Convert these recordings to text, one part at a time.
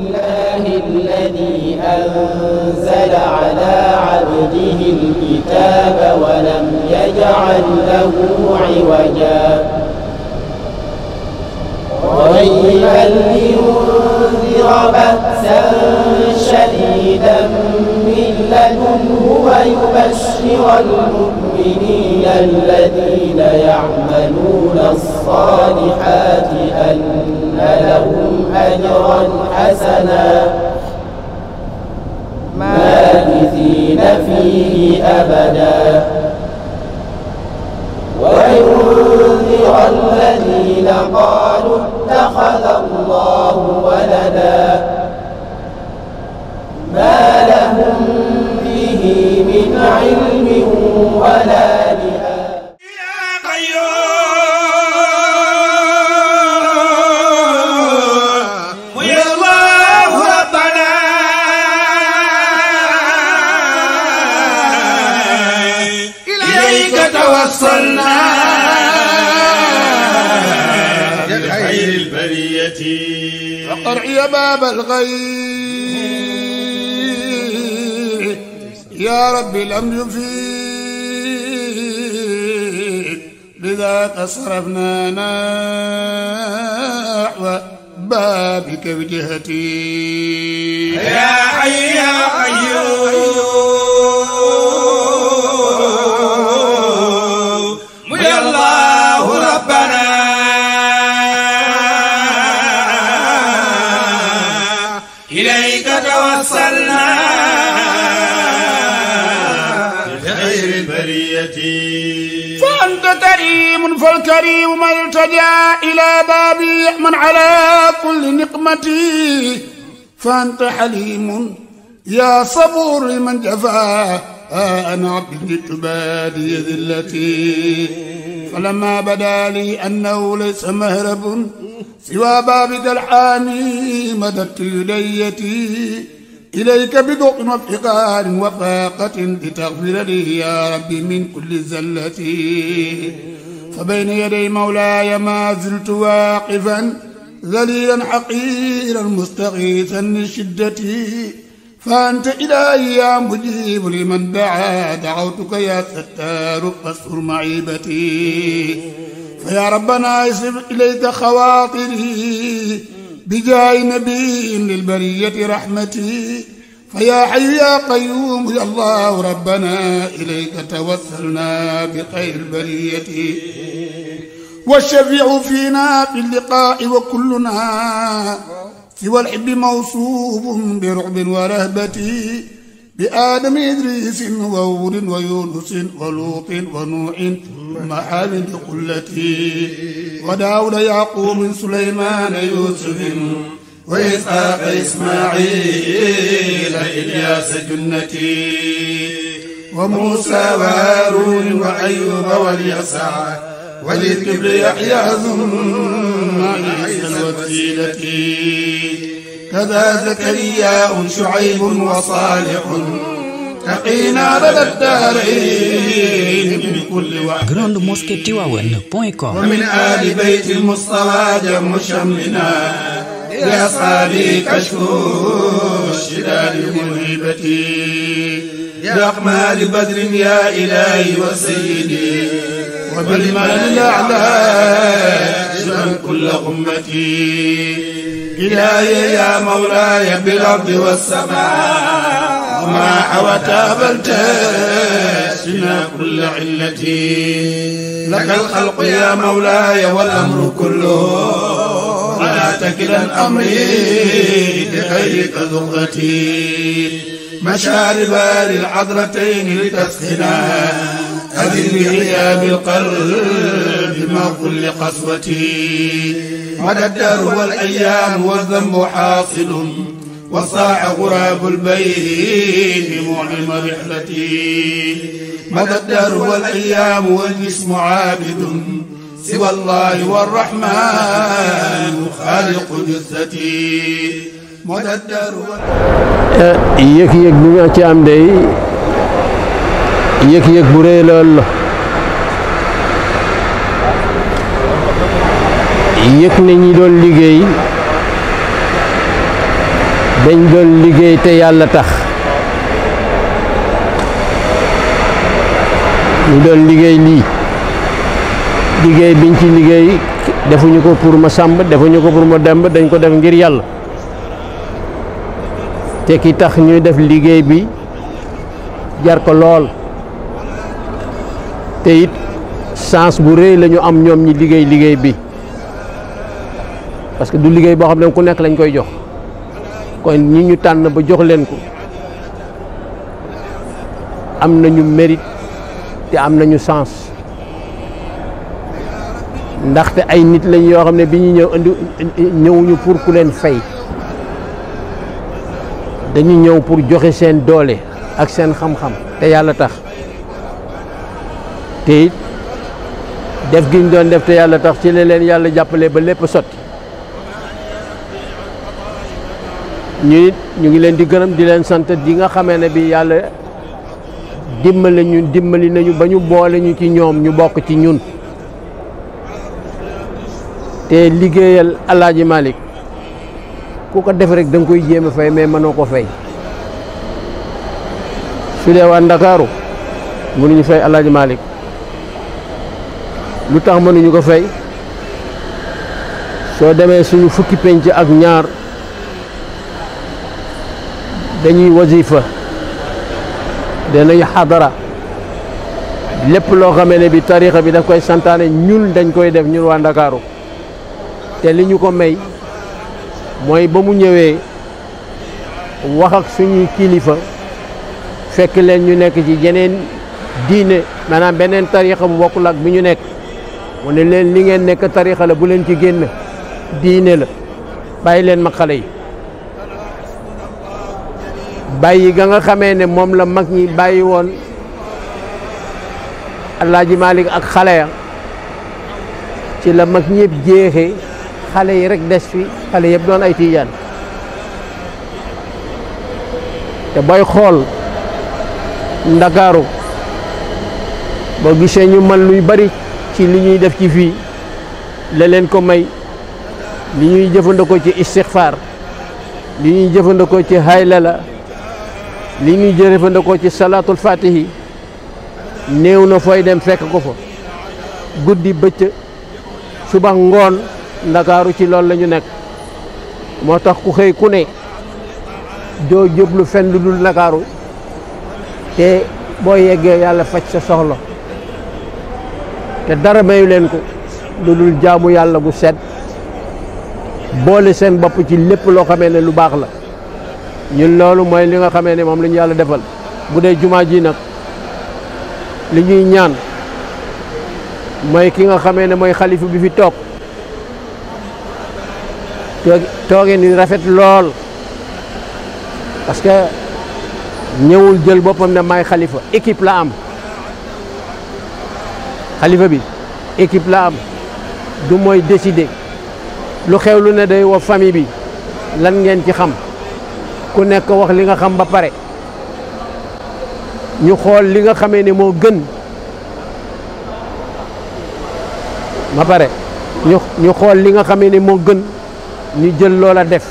الله الذي أنزل على عبده الكتاب ولم يجعل له عوجا ويلا لينذر بأسا شديدا من لدنه ويبشر المؤمنين الذين يعملون الصالحات أن لهم أجرا حسنا ماكثين فيه أبدا وينذر الذين قالوا اتخذ الله ولدا ما لهم به من علم ولا باب الغيب يا رب لم يفيد لذاك صرفنا نحو بابك بجهتي يا حي يا قيوم الكريم من التجا إلى بابي من على كل نقمتي فأنت حليم يا صبور من جفا أنا عبد تبادي ذلتي فلما بدا لي أنه ليس مهرب سوى بابك الحامي مددت يديتي إليك بذوق وافتقار وفاقة لتغفر لي يا ربي من كل زلتي وبين يدي مولاي ما زلت واقفا ذليلا حقيرا مستغيثا من شدتي فأنت إلهي يا مجيب لمن دعا دعوتك يا ستار فاستر معيبتي فيا ربنا اسر إليك خواطري بجاه نبي للبرية رحمتي فيا حي يا قيوم يا الله ربنا إليك توسلنا بخير البرية والشفيع فينا في اللقاء وكلنا سوى الحب موصوف برعب ورهبة بآدم إدريس وور ويونس ولوط ونوح حال لقلتي وداود يعقوب سليمان يوسف وإسحاق إسماعيل إلياس جنتي وموسى وهارون وأيوب واليسع وللكبر يحيى ثم عيسى وسيلتي كذا زكريا شعيب وصالح تقينا لدى الدارين من كل واحد ومن آل بيت المصطفى جم شملنا لأصحابي كشف الشلال يا بأقمال بدر يا إلهي وسيدي وبالمال الأعلى شمل كل أمتي إلهي يا مولاي بالأرض والسماء وما حوت بلتشنا كل علتي لك الخلق يا مولاي والأمر كله تكل الامر أمري لغير ذرتي للعذرتين لتسخنا أذن بالقلب القلب كل قسوتي مدى الدهر والأيام والذنب حاصل وصاع غراب البيت معلم رحلتي مدى الدهر والأيام والجسم عابد سوى الله والرحمن خالق جثتي مددر yëg yëg bi nga ci am day yëg yëg bu rëy lool yëg na ñi doon liggéey dañ doon liggéey te yàlla tax ñu doon liggéey lii liggéey biñ ci liggéey defuñu ko pour ma samb defuñu ko pour ma demb dañ ko def ngir yàlla te ki tax ñuy def liggéey bi jar ko lool te it sens bu rëy la ñu am ñoom ñi liggéey liggéey bi parce que du liggéey boo xam ne ku nekk lañ koy jox kon ñi ñu tànn ba jox leen ko am nañu mérite te am nañu sens ndaxte ay nit lañ yoo xam ne bi ñu ñëw indi ñëwuñu pour ku leen fay dañu ñëw pour joxe seen doole ak seen xam-xam te yàlla tax te def gi ñu doon def te yàlla tax ci la leen yàlla jàppale ba lépp sotti ñu it ñu ngi leen di gërëm di leen sant di nga xamee ne bi yàlla dimbali ñu dimbali nañu ba ñu boole ñu ci ñoom ñu bokk ci ñun te liggéeyal alaaji Malick ku ko def rek da koy jéem a fay mais mënoo ko fay su dee waa Ndakaaru mënuñu fay alaaji malik lu tax mënuñu ko fay soo demee suñu fukki penc ak ñaar dañuy wasifa danañ xadara lépp loo xamee ne bi tariixa bi daf koy santaane ñun dañ koy def ñun waa Ndakaaru te li ñu ko may mooy ba mu ñëwee wax ak suñuy kilifa fekk leen ñu nekk ci yeneen diine maanaam beneen tarixa bu bokkul bi ñu nekk mu ne leen li ngeen nekk tarixa la bu leen ci génn diine la bàyyi leen ma xale yi bàyyi ga nga ne moom la mag ñi bàyyi woon Alaaji Malik ak xale ya ci la mag ñëpp jeexee xale yi rek des fi xale yëpp doon ay tiijaan te booy xool ndakaaru boo gisee ñu man luy bari ci li ñuy def ci fii la ko may li ñuy jëfandikoo ci istixfaar li ñuy jëfandikoo ci haylala li ñuy jëfandikoo ci salaatul fatihi néew na fooy dem fekk ko fa guddi bëcc suba ngoon ndakaru ci lol lañu nek motax ku xey ku ne do jeblu fenn lu ndakaru te bo yegge yalla fajj sa soxlo te dara mayu len ko lu jaamu yalla gu set boole sen bop ci lepp lo xamee ne lu bax la ñun lolu moy li nga xamee ne moom defal budé juma ji nak li ñaan moy ki nga bi fi tok toog toogeen yu rafet lool parce que ñëwul jël boppam ne maay xalifa équipe la am xalifa bi équipe la am du mooy décider lu xew lu ne day wa famille bi lan ngeen ci xam ku nekk wax li nga xam ba pare ñu xool li nga xamee ne moo gën ba pare ñu xool li nga xamee ne moo gën ñu jël loola def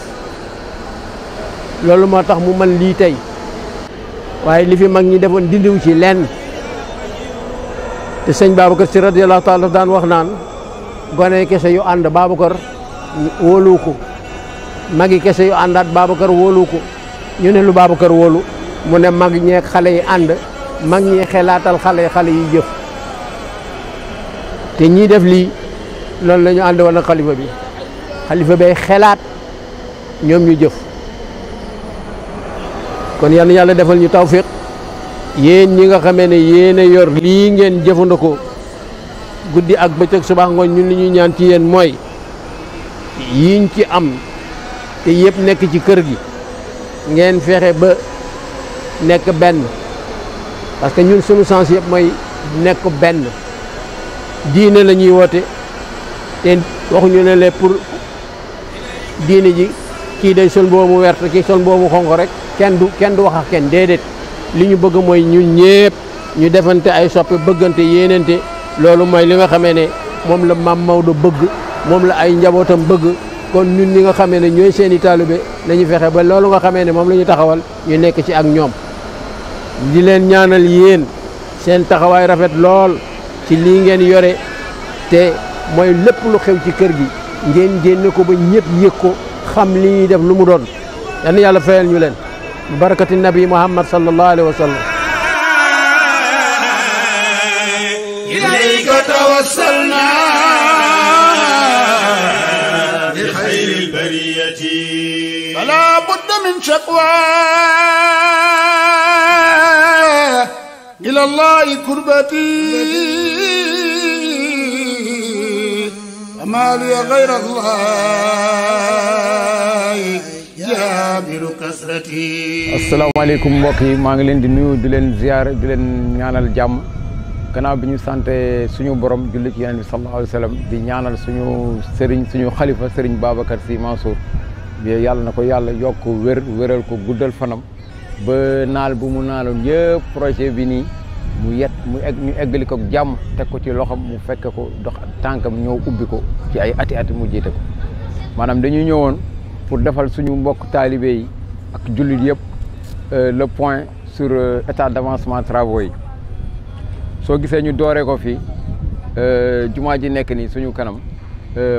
loolu moo tax mu man lii tey waaye li fi mag ñi defoon dindiwu ci lenn te sëñ Babacar si radiyallahu taala daan wax naan gone kese yu ànd Babacar wóolu ko magi kese yu àndaat Babacar wóolu ko ñu ne lu Babacar wóolu mu ne mag ñeeg xale yi ànd mag ñi xelaatal xale yi yi jëf te ñii def lii loolu la ñu ànd woon bi xalifa bay xelaat ñoom ñu jëf kon yal yàlla defal ñu taw tawfiq yéen ñi nga xame ne yéen a yor lii ngeen jëfandikoo guddi ak bëccëg subax ngoon ñun li ñuy ñaan ci yéen mooy yiñ ci am te yëpp nekk ci kër gi ngeen fexe ba nekk benn parce que ñun suñu sens yëpp mooy nekk benn diine la ñuy woote te waxuñu ne le pour diini ji kii day sol mboobu mu wert kii sol mboobu mu xonq rek kenn du kenn du wax ak kenn déedéet li ñu bëgg mooy ñun ñëpp ñu defante ay soppe bëggante yéenante loolu mooy li nga xamee ne moom la maam Maodo bëgg moom la ay njabootam bëgg kon ñun li nga xamee ne ñooy seen i taalibe nañu fexe ba loolu nga xamee ne moom la ñu taxawal ñu nekk ci ak ñoom di leen ñaanal yéen seen taxawaay rafet lool ci lii ngeen yore te mooy lépp lu xew ci kër gi ngeen génn ko ba ñëpp yëg ko xam li ñuy def lu mu doon yan yàlla fayal ñu leen barakati nabi muhammad sallallahu alayhi wa sallam ilayka tawassalna bi xayri lbariyati fala budda min shaqwa ila allahi kurbati فما لي غير الله جابر كسرتي السلام عليكم mbokk yi maa ngi leen di nuyu di leen ziyaar di leen ñaanal jàmm gannaaw bi ñu sante suñu borom julli ci yonent bi sallallahu alayhi wa di ñaanal suñu sëriñ suñu xalifa sëriñ Babacar Sy Mansour bi yàlla na ko yàlla yokk wér wéral ko guddal fanam ba naal bu mu naaloon yëpp projet bi nii mu yet mu egg ñu eggali ko jàmm teg ko ci loxom mu fekk ko dox tànkam ñëw ubbi ko ci ay ati at mu jiite ko maanaam dañuy ñëwoon pour defal suñu mbokk taalibe ak jullit yëpp euh, le point sur euh, état d'avancement travaux yi soo gisee ñu dooree ko fii euh, jumaa ji nekk nii suñu kanam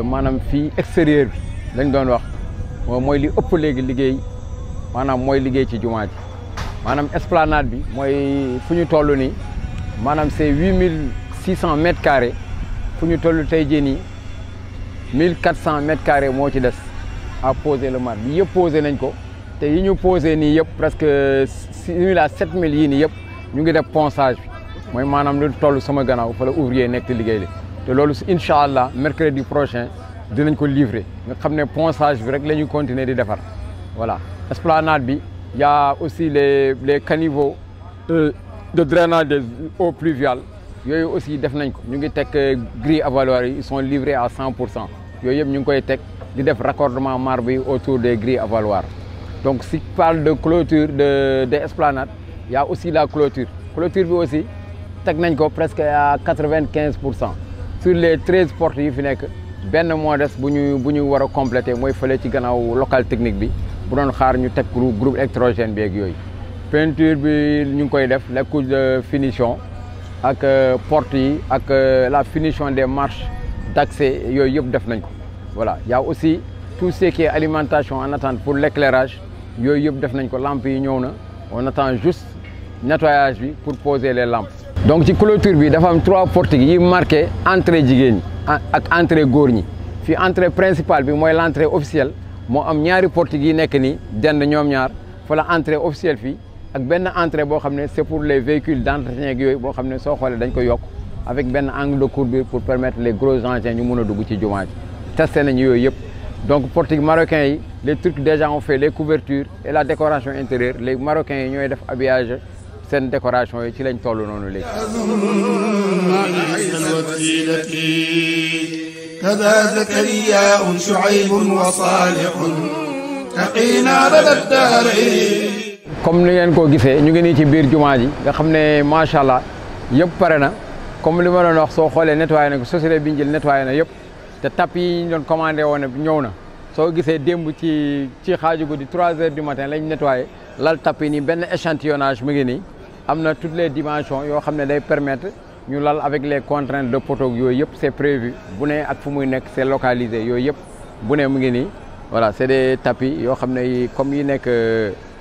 maanaam fii extérieur bi lañ doon wax mooy li ëpp léegi liggéey maanaam mooy liggéey ci jumaa ji maanaam esplanade bi mooy fu ñu toll nii Madame c'est 8600 mètres carrés pour nous tous les mètres carrés à poser le mat poser posé nañ ko presque six à sept mille nous nous ñu ngi moi ponçage bi tous sama fa la ouvrier nekk mercredi prochain dinañ ko livrer nga avons le ponçage bi rek continuer di faire. voilà esplanade il y' a aussi les les caniveaux. Euh, de drainage des eaux pluviales avons aussi def nañ ko ñu euh, grilles avaloirs ils sont livrés à 100%. Nous avons des raccordements ñu raccordement autour des grilles avaloirs donc si parle de clôture de des esplanades il y a aussi la clôture La clôture aussi presque à 95%. sur les 13 portes yi fi a ben moo des bu ñu bu local technique bi Nous avons xaar ñu groupe électrogène peinture bi ñu koy def la couche de finition ak euh, porte yi ak euh, la finition des marches d'accès yooyu yëpp def nañ ko voilà y a aussi tout ce qui est alimentation en attente pour l'éclairage yooyu def nañ ko lampes yi ñewna on attend juste nettoyage bi pour poser les lampes donc ci clôture bi dafa am trois portiques yi marqué entrée et ak entrée góor ñi entrée principale bi moy l'entrée officielle mo am ñaari portiques yi nek ni den ñom ñaar fa la entrée officielle fi ak ben entrée c'est pour les véhicules d'entretien yooyu boo xam ne soo dañ avec ben angle de courbure pour permettre les gros engins ñu mun dugg ci jumaa testé nañu yooyu donc pour les Marocains, les trucs déjà ont fait les couvertures et la décoration intérieure les marocains ont fait def habillage une décoration yi ci lañ toll noonu comme ni ngeen koo gisee ñu ngi nii ci biir jumaa ji nga xam ne macha allah yëpp pare na comme li ma doon wax soo xoolee nettoyé na ko société bi ñu jël nettoyé na yëpp te tap yi ñu doon commandé woon ñëw na soo gisee démb ci ci xaaju guddi trois heures du matin lañ nettoyé lal tap yi nii benn échantillonnage mu ngi nii am na toutes les dimensions yoo xam ne day permettre ñu lal avec les contraintes de poteau yooyu yëpp c'est prévu bu ne ak fu muy nekk c'est localisé yooyu yëpp bu ne mu ngi nii voilà c'est des tapis yoo xam ne comme yi nekk.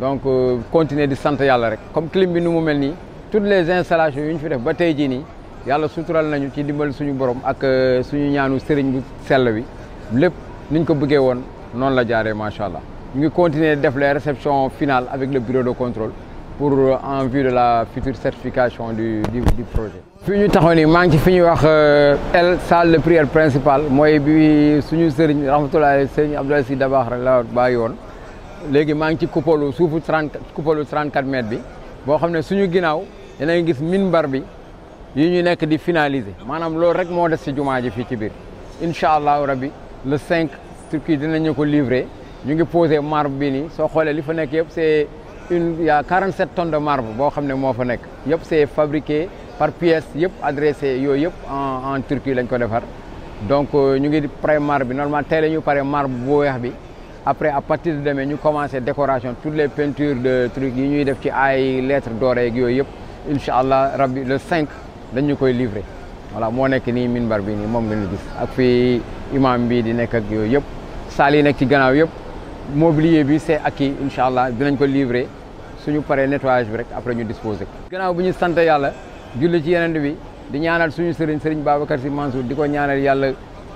donc euh, continuer de santé Yalla rek comme clim bi nu mu toutes les installations yu fi def ba tey jii nii yàlla sutural nañu ci dimbal suñu borom ak euh, suñu ñaanu sëriñ bu sell bi Lepp niñ ko bëggé won, non la jaaree macha allah ñu ngi continuer def les réception finale avec le bureau de contrôle pour euh, en vue de la future certification du du du projet. fi ñu taxaw ni maa ngi ci fi ñuy wax el salle de prière principale mooy bi suñu sëriñ rahmatullahi sëriñ Abdoulaye Sy Dabakh rek la bàyyi légui ma ngi ci coupole soufu 30 coupole 34 mètres bi bo xamné suñu ginaaw ginnaaw dinañ gis minbar bi yi ñu nekk di finaliser manam lool rek mo dess ci jumaa ji fii ci bir inshallah rabbi le 5 Turquie dinañu ko livrer ñu ngi poser marbre bi ni so xolé li fa nekk yëpp c'est une ya 47 tonnes de marbre bo xamné mo fa nekk yëpp c'est fabriqué par pièce yëpp adressé yoy yëpp en en turki lañ ko defar donc ñu ngi pré marbre bi normalement té lañu pare marbre bu wéx bi. après à partir de demain nous commençons la décoration toutes les peintures de trucs yi ñuy def ci lettres dorées le 5 nous koy livrer voilà moo je suis minbar bi je ak suis imam bi di Le mobilier c'est acquis incha allah dinañ ko livrer suñu nettoyage après ñu disposer nous di ñaanal suñu Babacar Mansour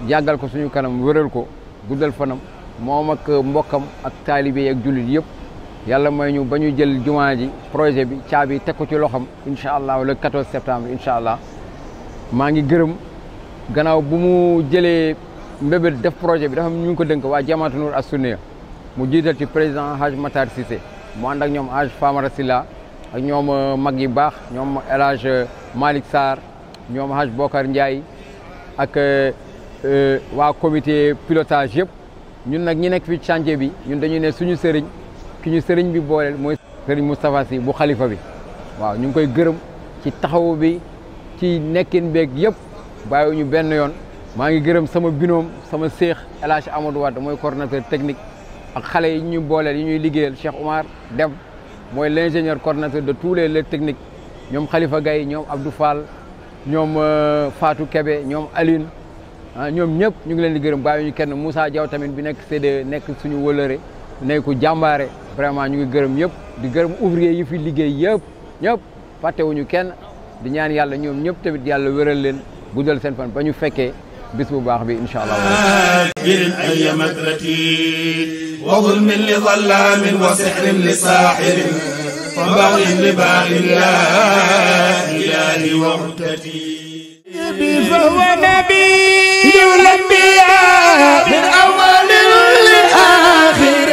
ñaanal ko suñu kanam ko guddal fanam. moom ak mbokkam ak taalibe yi ak jullit yëpp yàlla mooy ñu ba ñu jël jumaa ji projet bi caabi teg ko ci loxam incha allah le 14 septembre incha allah maa ngi gërëm gannaaw bu mu jëlee mbébét def projet bi dafa ñu ngi ko dënk waa jamaatu Nour as-Sunniya mu jiital ci président Hadj Matar Cissé mu ànd ak ñoom Hadj Famara Silla ak ñoom euh, mag yi baax ñoom El Hadj euh, Malick ñoom Hadj Bokar Ndiaye ak euh, waa comité pilotage yëpp. ñun nag ñi nekk fii chantier bi ñun dañuy ne suñu sëriñ ki ñu sëriñ bi booleel mooy sëriñ Moustapha Sy bu xalifa bi waaw ñu ngi koy gërëm ci taxawu bi ci nekkin beeg yëpp ñu benn yoon maa ngi gërëm sama binôme sama seex El Hadj Amadou mooy coordonnateur technique ak xale yi ñu booleel yi ñuy liggéeyal Cheikh Oumar Dem mooy l' ingénieur coordonnateur de tous les les techniques ñoom Khalifa Gaye ñoom Abdou Fall ñoom euh, faatu Kebe ñoom Aline ñom ñëpp ñu ngi leen di gërëm baay ñu kenn Moussa Diaw tamit bi nekk CD nekk suñu wëlëre nekk ku jàmbaare vraiment ñu ngi gërëm yëpp di gërëm ouvrier yi fi liggéey yëpp ñëpp wuñu kenn di ñaan yàlla ñom ñëpp tamit yàlla wéral leen guddal seen fan bañu féké bis bu baax bi incha allah ay madraki wa zulmin li zallamin wa sihrin li sahirin fa baghin li baghin la النبي فهو نبي الأنبياء من أول لآخر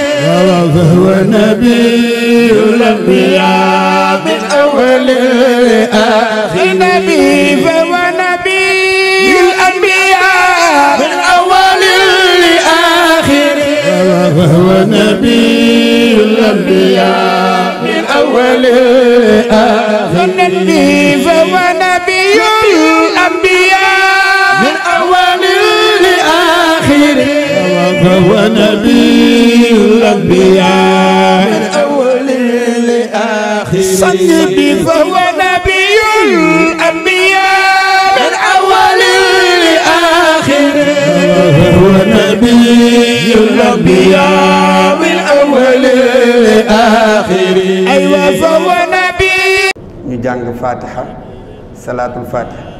فهو نبي الأنبياء من أول لآخر نبي فهو نبي الأنبياء من أول لآخر فهو نبي الأنبياء من أول لآخر نبي فهو فهو نبي الأنبياء من أول لآخر صدقي فهو نبي الأنبياء من أول لآخر فهو نبي الأنبياء من أول لآخر أيوة فهو نبي نجانج فاتحة صلاة الفاتحة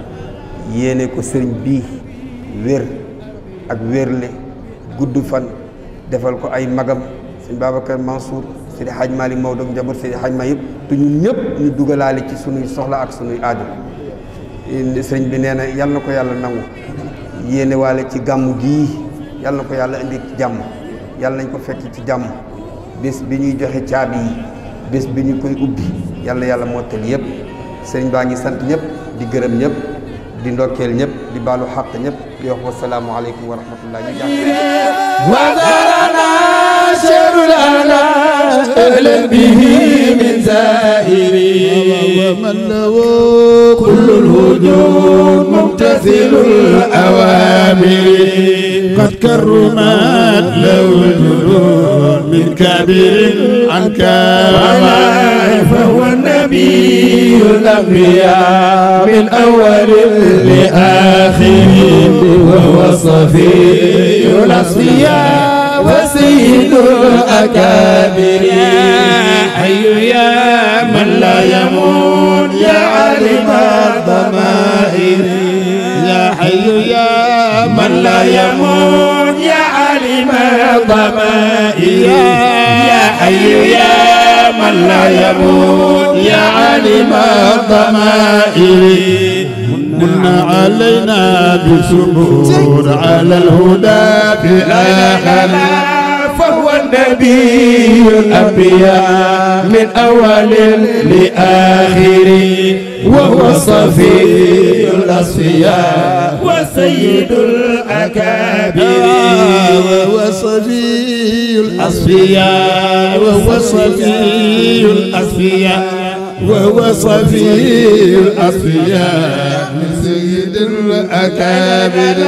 yéene ko sëriñ bii wér ak gudd fan defal ko ay magam sëñ Babacar Mansour sëñ Hadj Malick Maodo njaboot sëñ Hadj Malick yëpp te ñun ñëpp ñu dugalaale ci suñuy soxla ak suñuy aajo sëñ bi nee na yal na ko yàlla nangu yéene waale ci gàmm gii yal na ko yàlla indi ci jàmm yàlla nañ ko fekk ci jàmm bés bi ñuy joxe caabi yi bés bi ñu koy ubbi yàlla yàlla mottali yëpp sëñ baa ngi sant ñëpp di gërëm ñëpp di ndokkeel ñëpp di baalu xàq ñëpp. tukki wax assalamu alaykum wa rahmatullahi wa barakatuh كل الهجوم ممتثل الأوامر قد كرمت له الجنون من كبير عن كبير فهو النبي الأنبياء من أول لآخر وهو الصفي الأصفياء وسيد الأكابر حي يا من لا يموت يا عالم الضمائر يا حي يا من لا يموت يا عالم الضمائر يا حي يا من لا يموت يا عالم الضمائر كنا علينا بسرور على الهدى بأهل فهو النبي الأنبياء من أول لآخر وهو صفي الأصفياء وسيد الأكابر وهو صفي الأصفياء وهو صفي الأصفياء وهو صفي الأصفياء سيد الأكابر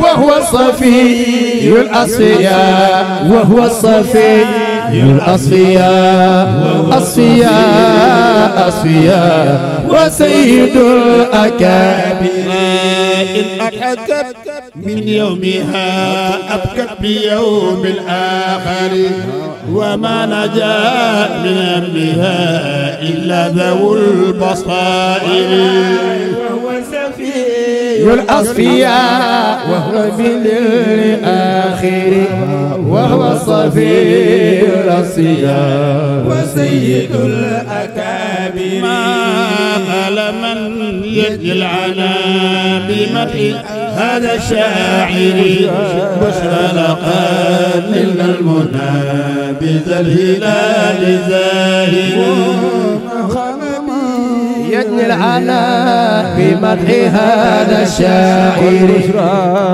وهو صفي الأصفياء وهو صفي الأصفياء أصفياء أصفياء وسيد الأكابر إن أكبت من يومها أبكت بيوم الآخر وما نجا من أمرها إلا ذو البصائر الأصفياء وهو الآخر وهو صفي الأصفياء وسيد الأكابر ما لمن يجعل بمرء هذا الشاعر بشرى لقد من المنى بذا الهلال زاهر العناء بمدح هذا الشاعر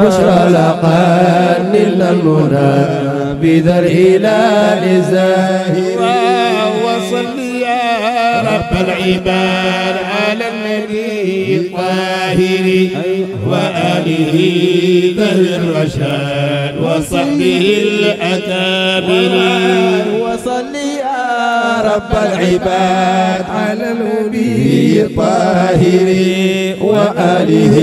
بشرى لقان المنى بذا الهلال زاهر وصل يا رب العباد على النبي الطاهر وآله ذوي الرشاد وصحبه الأكابر صلي يا رب العباد على النبي الطاهر وآله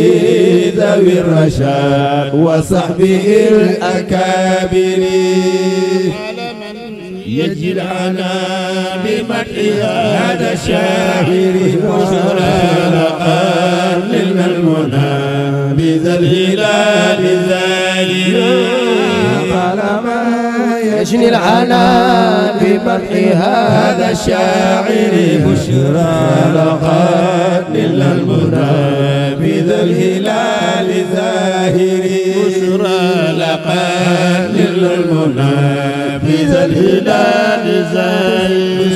ذوي الرشاد وصحبه الأكابر يجي العنا بمدح هذا الشاهر وشرى للمنى بذا الهلال ذا يجني العلا بمرح هذا الشاعر بشرى لقد إلا المنى بذا الهلال ظاهر بشرى لقد إلا المنى بذا الهلال ظاهر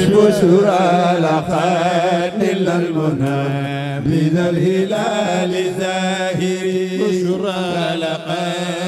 بشرى لقد إلا المنى بذا الهلال ظاهر بشرى لقد